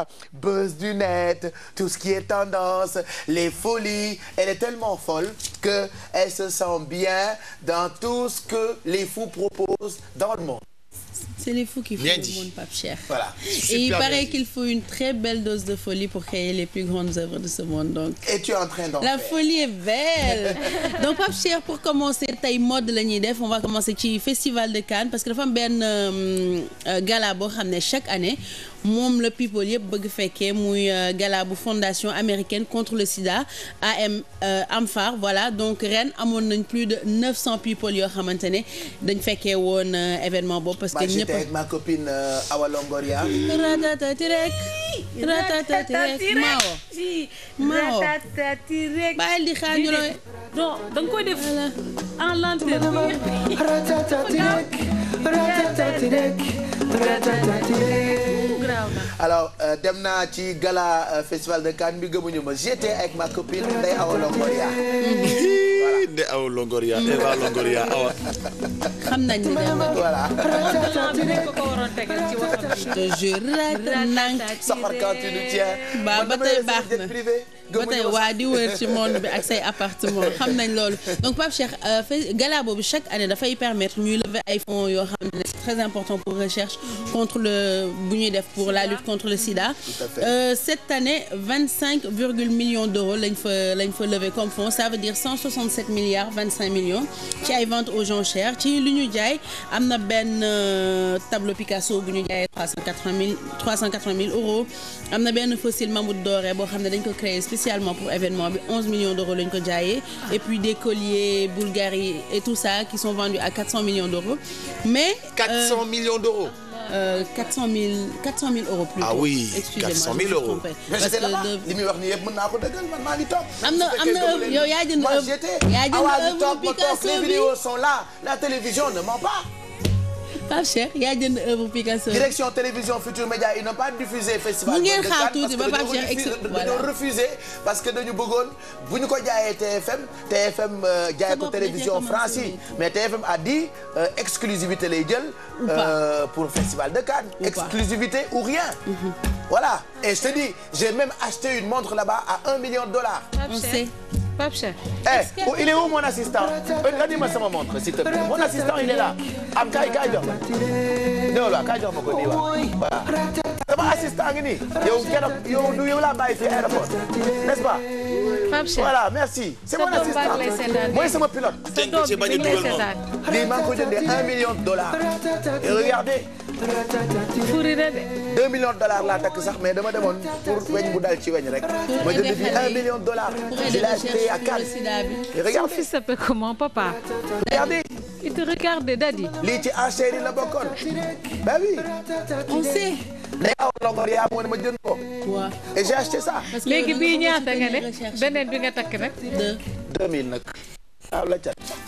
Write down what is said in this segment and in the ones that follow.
voilà buzz du net tout ce qui est tendance les folies elle est tellement folle que elle se sent bien dans tout ce que les fous proposent dans le monde. C'est les fous qui font le monde, Pape Cheikh. Et il paraît qu'il faut une très belle dose de folie pour créer les plus grandes œuvres de ce monde. et La folie est belle. donc Pape Cheikh pour commencer tey mode la ñuy def on va commencer ci festival de Cannes parce que dafa am benn euh, euh, gala boo xam ne chaque année moom la people yëpp bëgg fekkee muy euh, gala bu fondation américaine contre le sida am euh, amfar voilà donc ren amoon nañ plus de 900 people yoo xamante ne dañ fekke woon euh, événement boobu parce que ñëpp avec ma copine Awa Longoria ratatati alors euh, dem naa ci gala euh, festival de Cannes bi gëmuñu ma j'étais ay ma copine Ndeye Awa Longoria. Ndeye Awa Longoria Eva Longoria xam nañ waa di wër bi ak say appartement xam nañ loolu donc Pape Cheikh euh, gala boobu chaque année dafay permettre ñuy lever ay fonds yoo xam ne. très important pour recherche contre le bu ñuy euh, cinq virgule millions d'euros lañ lañ fa lever comme fonds ça veut dire cent soixante sept milliards vingt cinq millions ci ay ci lu ñu jaay am na benn euh, tableau bu ñu jaayee trois cent quatre vingt mille trois cent quatre vingt mille euros am na benn fossile mammouth doré dañ ko créé spécialement pour événement bi onze millions d'euros lañ ko jaayee ah. et puis des colliers Bulgarie et tout cent millions 400 millions d'euros. Euh, 400 000 400 000 euros plus. ah oui 400 000 euros mais j'étais là-bas li muy wax nii yëpp mën naa ko dëggal man maa ngi toog. am na am na yow yaa jënd yaa jënd œuvre Picasso bi les vidéos sont là la télévision ne ment pas. Pape Cheikh yaa jënd œuvre Picasso. direction télévision Futur Média ils n'ont pas diffusé festival. mu ngeen xaar tuuti ba parce que dañu bëggoon bu ñu ko jaayee TFM TFM euh, jaay ko télévision France mais TFM a dit euh, exclusivité lay jël. Euh, pour festival de Cannes. exclusivité ou rien. Mhm. voilà et je te dis j'ai même acheté une montre là-bas à un million de dollars. on sait. Pape Cheikh. Eh, oh, il est où mon assistant. andi ma sama montre s'il te plaît mon assistant il est là. am kay kay jox ma. ñëw la kay jox ma ko nii waaw. sama assistant a nii. yow keroog yow du yow laa bàyyi fii merci. c'est mon assistant mooy sama sa doom bi dañ lay seetaan. lii maa ngi ko million de dollars. et furi na de. 2 millions de dollars laa takk sax mais dama demoon pour weñ bu dal ci weñ rek. ma jënd bi 1 million dollars. je l'ai acheté à daddy. lii ci enchères la bokkoon. bah oui. on sait. mais aw longor moo ne ma jënd ko. léegi bii ñaata nga ne beneen bi nga takk nag. 2 2000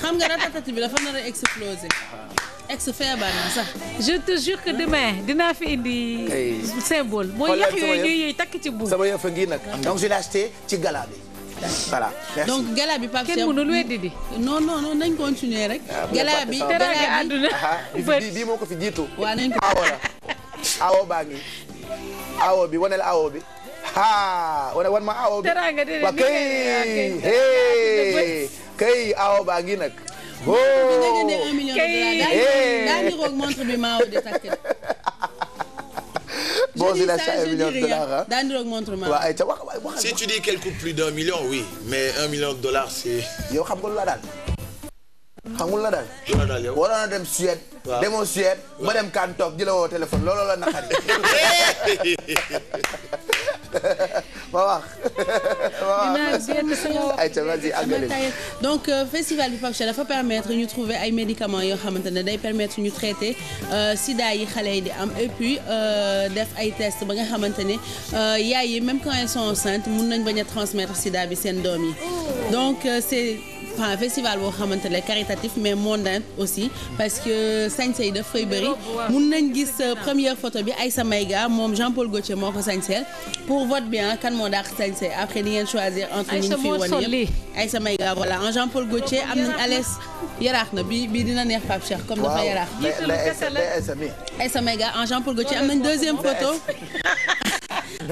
xam nga ratatati bi dafa nar a ex feebar na sax. je te jure que demain dinaa fi indi. symbole mooy yax yooyu ñuy yëy takk ci buum. sama yëf a ngi nag donc je l'ai ci gala bi. voilà merci donc gala bi Pape Cheikh kenn mënul weddi di. non non non nañ continuer rek. Ah, gala bi teraanga àdduna bi bii moo ko fi jiitu. waaw nañ ko awo la awo baa ngi awo bi waneel ma niroog montre bi Mao di takk de. bon si la caa million de dollars daa niroog montre Mao. waaw ay si tu dis qu'elle coûte plus d'un million oui mais un million de dollars c'est. yow xam nga lu la daal. xam nga lu la daal. lu la daal yow ma wax. donc euh, festival bi Pape Cheikh dafa permettre ñu trouver ay médicament yoo xamante ne day permettre ñu traiter euh, sida yi xale yi di am et euh, def ay tests ba nga xamante ne yaay yi même quand elles sont enceintes mun nañ bañ a transmettre sida bi seen doom yi oh. donc c'est enfin festival boo xamante ne caritatif mais mondain aussi parce que sañse yi daf fay bëri mun nañ gis euh, première photo bi Aïssa Maïga moom Jean-Paul Gaultier moo ko pour vote bien kan moo dàq sañse après di ngeen choisir entre ñi ñu fi wane yëpp Aïssa Maïga voilà en Jean-Paul Gaultier am nañ Alès yaraax na bi bi dina neex Pape Cheikh comme dafa yaraax Aïssa Maïga en am nañ deuxième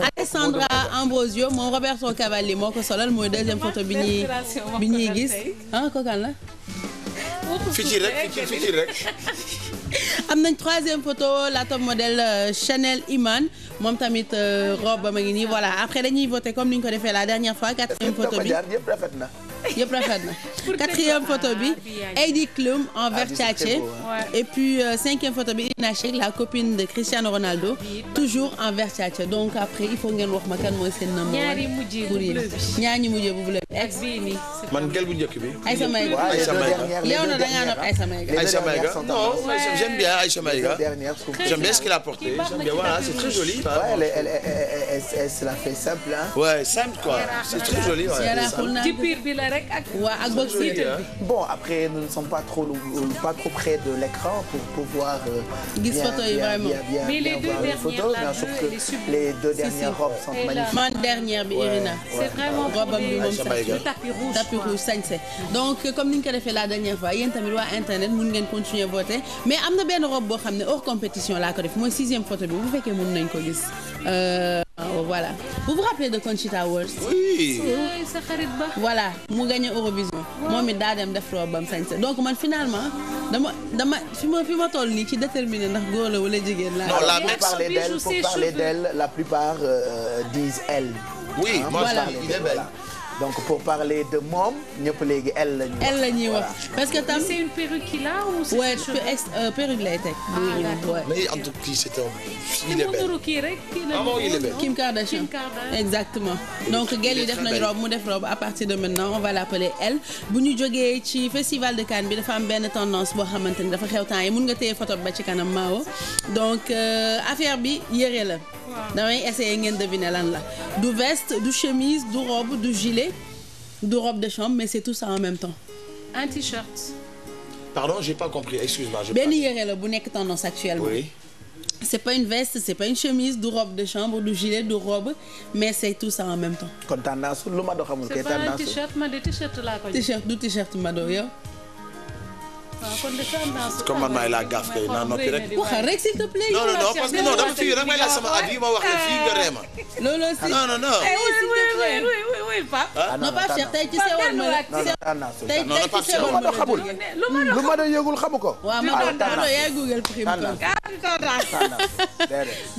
Alessandra Ambrosio moom Roberto Cavalli moo ko solal mooy deuxième photo bi ñuy bi ñuy gis ah kokan la fii rek am nañ troisième photo la top modèle euh, Chanel Iman moom tamit euh, robe ba ma ngi nii voilà après dañuy voté comme ni ñu ko defee la dernière fois quatrième photo bi yëpp rafet na quatrième photo bi Heidi Klum en Versace et puis cinquième photo bi Irina la copine de Cristiano Ronaldo toujours en Versace donc après il faut ngeen wax ma kan mooy seen number ñaari mujjee bu bleu bi ñaari mujjee bu bleu bi man gel bu njëkk bi Aïssa Maïga Aïssa Maïga yow na da ngaa nopp Aïssa Maïga Aïssa Maïga non j'aime bien Aïssa Maïga bien ce qu'il a porté j'aime bien voilà c'est très joli elle se la fait simple hein ouais simple quoi rek ak waa ak box bon après nous ne sommes pas trop euh, pas trop près de l'écran pour pouvoir euh, gis photo yi vraiment mais les deux dernières là les deux dernières robes sont man dernière bi Irina c'est vraiment robam bi moom sax tapis donc comme ni ñu ko defee la dernière fois yéen tamit waa internet mun ngeen continuer voter mais am na benn robe boo xam ne hors compétition laa ko def mooy sixième photo bi bu fekkee mën nañ ko gis euh, Diao voilà vous vous rappelez de Conchita Wurst. oui. sa xarit ba. voilà mu gagné Eurovision. moom it daa dem def roobam sañse donc man finalement dama dama fi ma fi ma toll nii ci déterminé ndax góor la wala jigéen la non la pour parler d'elle pour parler d'elle la plupart euh, euh, disent elle. oui donc pour parler de moom ñëpp léegi elle la ñuy wax. la ñuy wax parce que tam. c'est une la qu'il a ou c'est ouais, euh, lay teg. ah d'accord ouais. mais en kii rek kii la ñu. Kim Kardashian exactement. donc gel yi def nañu robe mu def robe à partir de maintenant on va l'appeler elle. bu ñu jógee ci festival de Cannes bi dafa am benn tendance boo xamante ni dafa xew temps yi mun nga téye foto ba ci kanam Mao donc euh, affaire bi yëre la. damay essayer ngeen deviner lan la du veste du chemise du robe du gilet du robe de chambre mais c'est tout ça en même temps. un t-shirt. pardon j'ai pas la bu nekk tendance actuellement. oui. c'est pas une veste c'est pas une chemise du robe de chambre du gilet du robe mais c'est tout ça en même temps. kon tendance lu ma doon xamul. kay tendance comme man maay laa gaaf kay naa noppi rek. waxal rek s'il te plaît. non non non parce que non dama fi rek may laaj sama at yi ma wax la fii nga ree ma. loolu aussi non non non. non Pape Cheikh tey ci sewoon ma la. tey ci sewoon ma la xamul. lu ma doon yëgul xamu ko. waaw ma doon daanoo yaay Google Prime.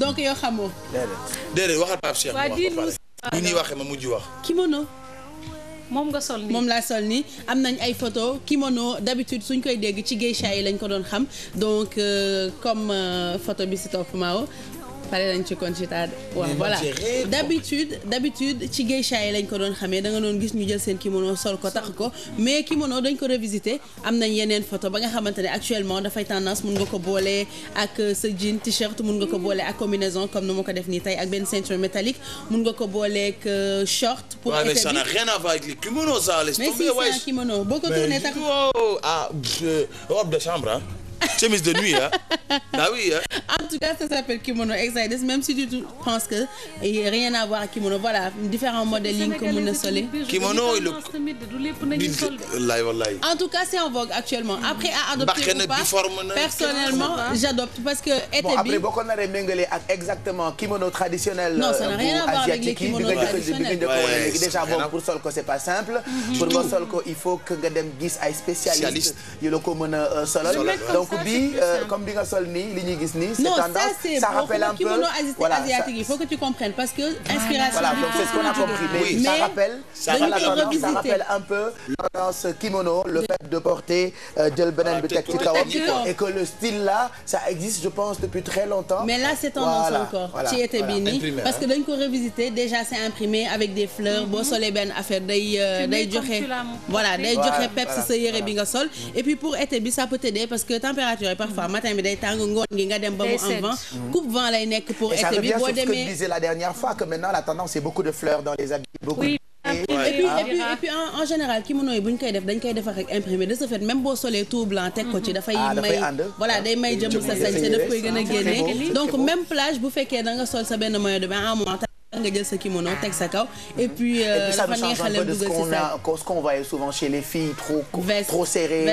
donc yow xamoo. déedéet déedéet waxal Pape Cheikh. waaw diinu. ni ñuy waxee ma mujj wax. kimono. moom nga sol nii moom laa sol nii am nañ ay photo kimono d'habitude suñ koy dégg ci geisha yi lañ ko doon xam donc euh, comme euh, photo bi si topp Mao pare nañ ci Conchita waaw voilà d'habitude d'habitude ci geisha yi lañ ko doon xamee da nga doon gis ñu jël seen kimono sol ko tax ko mais kimono dañ ko revisité am nañ yeneen photo ba nga xamante ne actuellement dafay tendance mun nga ko boole ak sa jean t-shirt mun nga ko boole ak combinaison comme nu ma ko def nii tey ak benn ceinture métallique mun nga ko booleeg euh, short. pour été bi waaw mais ça n'a rien à voir avec les kimonos ça laisse tomber. mais si c'est un kimono boo ko tourné tax. ah euh, robe de chambre ah. chemise de nuit, hein. Bah oui, hein. En tout cas, ça s'appelle Kimono Exides, même si tu penses que il n'y a rien à voir Kimono. Voilà, différents modelings que mon Kimono, En tout cas, c'est en vogue actuellement. Après, à adopter. Ou pas, personnellement, j'adopte parce que. Bon, après, exactement kimono traditionnel. Non, ça n'a euh, rien à voir avec les kimonos traditionnels. pas simple. Mm-hmm. il faut que nga dem gis ay spécialistes. yu la ko mën a euh, solal dit euh, comme di nga sol nii li ñuy gis nii. c'est tendance ça rappelle un peu voilà ça asiatique il faut que tu comprennes parce que. inspiration voilà c'est ce qu'on a compris un peu tendance kimono de porter euh, jël ah, beneen bi teg ci kawam. le style là ça existe je pense depuis très longtemps. mais là c'est tendance encore. ci été bi parce que dañ revisiter déjà c'est imprimé avec des fleurs boo mm-hmm. solee affaire day euh, day joxe. voilà day joxe peps et puis pour été bi température yi parfois matin bi day tàng ngoon nga dem ba mu am mhm. coupe vent lay nekk pour été bi boo demee la dernière fois que maintenant la tendance c'est beaucoup de fleurs dans les habits Et puis, de ce fait même boo solee tout blanc teg ko mhm. ah, dafay may voilà day may jëm sa sañ te daf koy gën a génne donc même plage bu fekkee sol sa benn maillot de en montant nga jël sa kimono ah. teg sa kaw. et puis dafa neexal dugg si sa souvent chez les filles trop veste, trop serré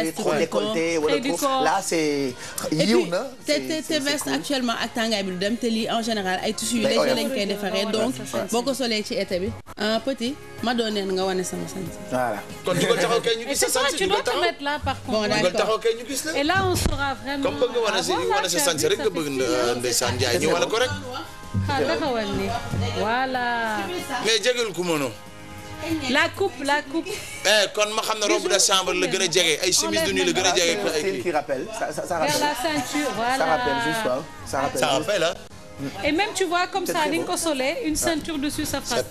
là c'est yiw te veste actuellement ak tàngaay bi du dem te lii en général ay tissus yu léger lañ koy defaree donc boo ko ci été bi un euh, petit ma doon neen nga wane sama sant. voilà kon dugal taxaw kay ñu gis sa sant dugal taxaw bon d'accord et là on saura vraiment comme bëgg nga wane sa wane sa sant rek nga bëgg ndeysaan Ndiaye voilà. mais jegel ku mënoo. la coupe la coupe. Eh, kon ma xam ne robe de chambre la gën a jege ay chemise de nuit la gën a jege. ay kii ça rappelle ça rappelle. ça rappelle juste ça rappelle et même tu vois comme ça ni nga ko solee une ceinture dessus ça fasse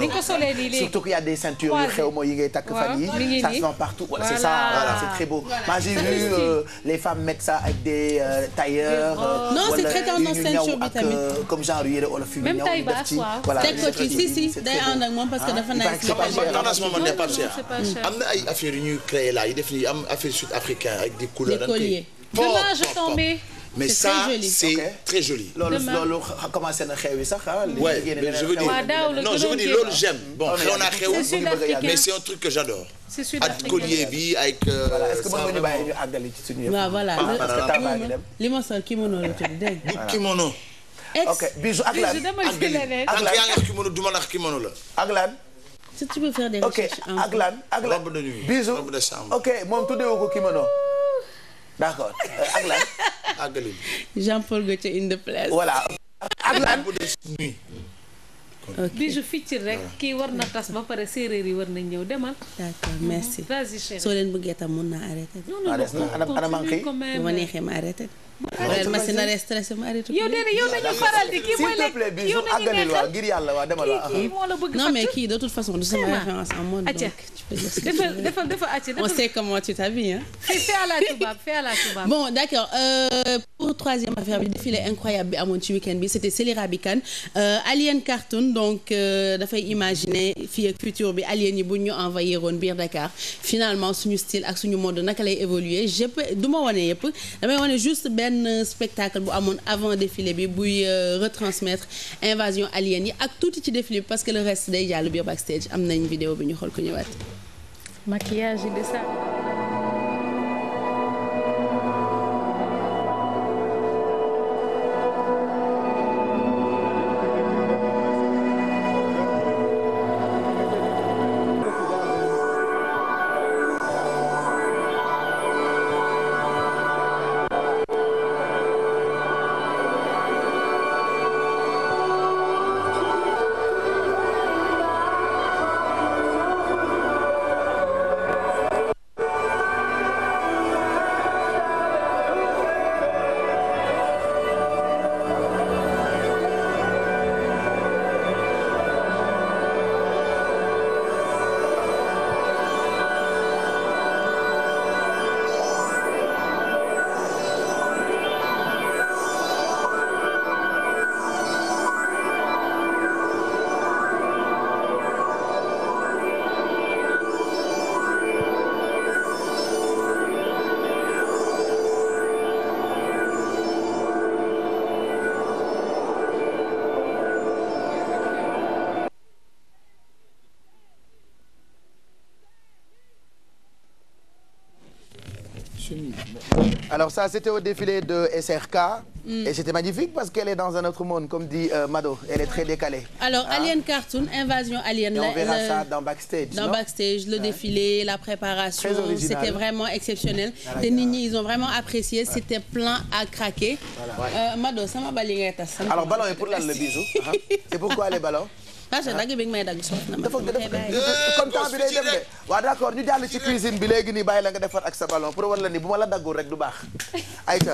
ni nga ko solee nii léegi surtout qu'il y a des ceintures yu xew mooy yi ngay takk fan yi ça se vend partout voilà c'est ça voilà c'est très beau moi j'ai vu euh, les femmes mettre ça avec des euh, tailleurs euh, non c'est très tendance ceinture bi tamit comme genre yére olof yu ñëw ñu def ci voilà teg ko ci si si day ànd ak moom parce que dafa nekk tendance moom n'est pas cher am na ay affaires yu ñuy créer là yi def ni am affaire sud africain avec des couleurs dama je t'en mets mais ça c'est très joli. loolu commencé na xew yi sax ah. mais je j'aime bon xew naa xew mais c'est un truc que j'adore. c'est sud-africain ak collier bi ak. Euh, voilà ma sol la tudd kimono. ok bijou ak lan ak yaa ngi kimono du ma kimono la. ak lan. si tu peux faire des recherches ok ak lan ak lan. robe chambre. ok d'accord euh, ak lan. àggali Jean Paul Gaultier in the place. voilà ak lan. ok bi je ficcir rek kii war na tas ba pare séeréer yi war nañ ñëw demal. d'accord merci. soo leen bëggee tam mun naa arrêté. non non ah, ma neexee ma arrêté. waaye ma si naree stressé ma arrêté. yow de nañu faral di kii mooy lekk yow nañu yàlla waa dama la. kii moo la bëgg mais kii de toute façon du sama référence en mode. donc tu peux defal defal defal Atia. on sait comment tu t'habilles hein. fais à la tubaab fais à la tubaab. bon d'accord euh, pour troisième affaire bi défilé incroyable bi amoon ci week-end bi c'était Célira kan euh, Alien Cartoon donc euh, dafay imaginer fii ak futur bi Alien yi bu ñu envoyé woon bi Dakar finalement suñu style ak suñu mode naka lay évoluer je peux du ma wane yëpp benn spectacle bu amoon avant défilé bi buy euh, retransmettre invasion alien yi ak tuuti ci défilé bi parce que le reste day jàll biir backstage am nañ vidéo bi ñu xool ko ñëwaat. maquillage de ça. alors ça c'était au défilé de SRK. Mm. et c'était magnifique parce qu'elle est dans un autre monde comme dit euh, Mado elle est très décalée. alors hein? Ah. Alien Cartoon Invasion Alien. la on verra le, ça dans backstage dans non? backstage le ouais. défilé la préparation. c'était vraiment exceptionnel. te nit ñi ils ont vraiment apprécié ouais. c'était plein à craquer. voilà euh, Mado sama bali ngay tas. alors ballon yi pour lan la bisou. Ah, ah. c'est pourquoi les ballons. parce que dagg bi nga may dagg soof na ma. dafa eh, comme temps bi day dem de. Eh, waaw d'accord ñu jàll ci cuisine bi léegi nii bàyyi la nga defar ak sa ballon pour war la ni bu ma la daggul rek du baax